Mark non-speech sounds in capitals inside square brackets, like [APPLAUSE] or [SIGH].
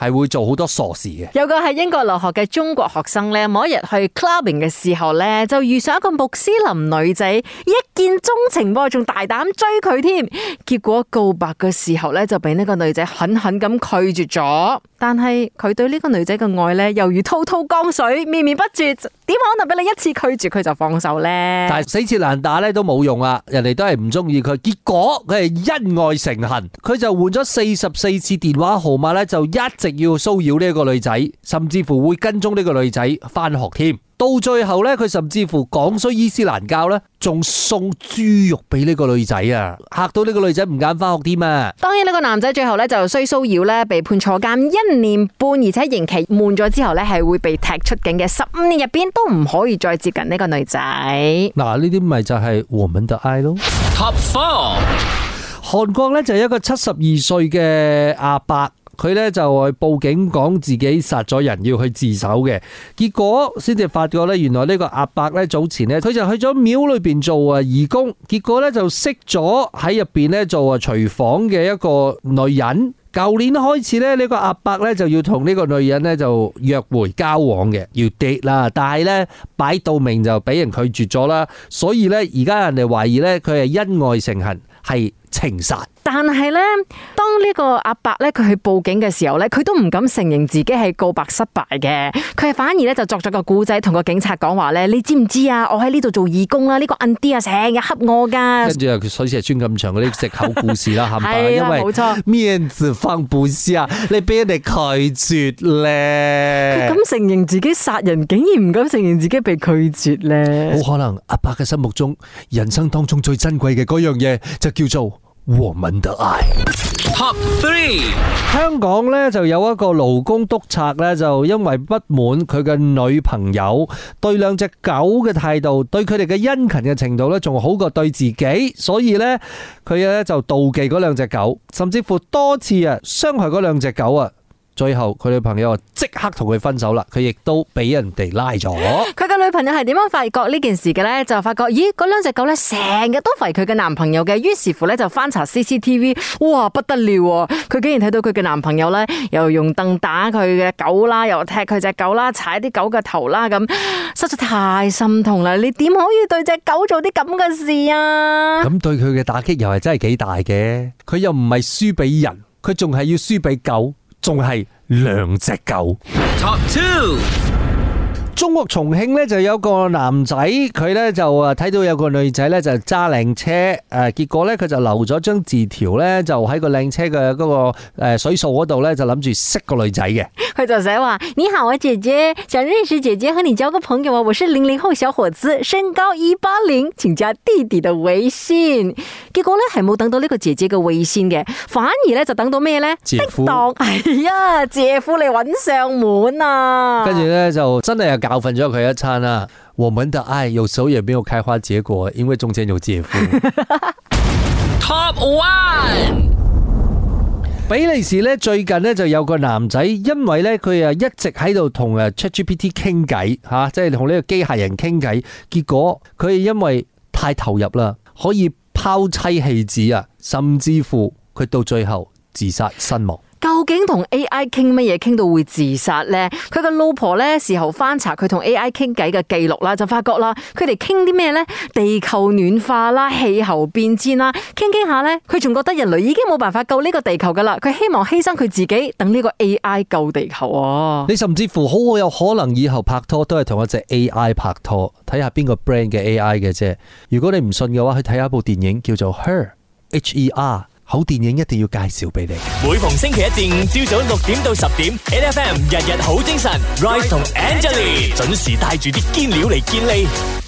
係會做好多傻事嘅。有個喺英國留學嘅中國學生呢，某一日去 clubbing 嘅時候呢，就遇上一個穆斯林女仔，一見鍾情，仲大膽追佢添。結果告白嘅時候呢，就俾呢個女仔狠狠咁拒絕咗。但係佢對呢個女仔嘅愛呢，猶如滔滔江水，綿綿不絕。點可能俾你一次拒絕佢就放手呢？但係死纏爛打呢都冇用啦，人哋都係唔中意佢。結果佢係一愛成恨，佢就換咗四十四次電話號碼呢就一直。要騷擾呢個女仔，甚至乎會跟蹤呢個女仔翻學添。到最後呢，佢甚至乎講衰伊斯蘭教呢，仲送豬肉俾呢個女仔啊，吓到呢個女仔唔敢翻學添啊。當然呢個男仔最後呢，就衰騷擾呢，被判坐監一年半，而且刑期滿咗之後呢，係會被踢出境嘅，十五年入邊都唔可以再接近呢個女仔。嗱，呢啲咪就係我們的愛咯。Top Five，韓國呢，就係一個七十二歲嘅阿伯。佢咧就去報警講自己殺咗人要去自首嘅，結果先至發覺咧，原來呢個阿伯咧早前咧佢就去咗廟裏邊做啊義工，結果咧就識咗喺入邊咧做啊廚房嘅一個女人。舊年開始咧呢個阿伯咧就要同呢個女人咧就約會交往嘅，要跌啦，但係咧擺到明就俾人拒絕咗啦，所以咧而家人哋懷疑咧佢係恩愛成恨，係情殺。但係咧，當呢個阿伯咧，佢去報警嘅時候咧，佢都唔敢承認自己係告白失敗嘅，佢係反而咧就作咗個故仔同個警察講話咧，你知唔知啊？我喺呢度做義工啦，呢、這個 under 啊，成日恰我噶。跟住佢所以先係專咁長嗰啲藉口故事啦，係咪？因為冇錯面子放本施啊，你俾人哋拒絕咧，佢敢承認自己殺人，竟然唔敢承認自己被拒絕咧。好可能阿伯嘅心目中，人生當中最珍貴嘅嗰樣嘢就叫做。我們的愛。Top three，香港咧就有一個勞工督察咧，就因為不滿佢嘅女朋友對兩隻狗嘅態度，對佢哋嘅殷勤嘅程度咧，仲好過對自己，所以咧佢咧就妒忌嗰兩隻狗，甚至乎多次啊傷害嗰兩隻狗啊，最後佢女朋友啊即刻同佢分手啦，佢亦都俾人哋拉咗。朋友係點樣發覺呢件事嘅呢？就發覺咦，嗰兩隻狗咧成日都吠佢嘅男朋友嘅，於是乎咧就翻查 CCTV，哇不得了啊！佢竟然睇到佢嘅男朋友咧，又用凳打佢嘅狗啦，又踢佢隻狗啦，踩啲狗嘅頭啦，咁實在太心痛啦！你點可以對隻狗做啲咁嘅事啊？咁對佢嘅打擊又係真係幾大嘅，佢又唔係輸俾人，佢仲係要輸俾狗，仲係兩隻狗。Top two。中國重慶咧就有個男仔，佢咧就啊睇到有個女仔咧就揸靚車，誒，結果咧佢就留咗張字條咧就喺個靚車嘅嗰個誒水素嗰度咧就諗住識個女仔嘅，佢就寫話，你好啊姐姐，想認識姐姐和你交個朋友啊，我是零零後小伙子，身高一八零，請加弟弟的微信。結果咧，係冇等到呢個姐姐嘅微信嘅，反而咧就等到咩咧夫、哎呀，姐夫，係啊，姐夫嚟揾上門啊！跟住咧就真係有。教訓咗佢一餐啊。啦。我們的愛有時候也沒有開花結果，因為中間有姐夫。Top one， [LAUGHS] 比利時咧最近咧就有個男仔，因為咧佢啊一直喺度同誒 ChatGPT 傾偈吓，即係同呢個機械人傾偈，結果佢係因為太投入啦，可以拋妻棄子啊，甚至乎佢到最後自殺身亡。究竟同 AI 傾乜嘢？傾到會自殺呢？佢個老婆呢，事後翻查佢同 AI 傾偈嘅記錄啦，就發覺啦，佢哋傾啲咩呢？地球暖化啦，氣候變遷啦，傾傾下呢，佢仲覺得人類已經冇辦法救呢個地球噶啦，佢希望犧牲佢自己，等呢個 AI 救地球啊！你甚至乎好有可能以後拍拖都係同一隻 AI 拍拖，睇下邊個 brand 嘅 AI 嘅啫。如果你唔信嘅話，去睇下一部電影叫做 Her，《H-E-R》。好電影一定要介紹俾你。每逢星期一至五朝早六點到十點，NFM 日日好精神，Ryder 同 Angelina 準時帶住啲堅料嚟見你。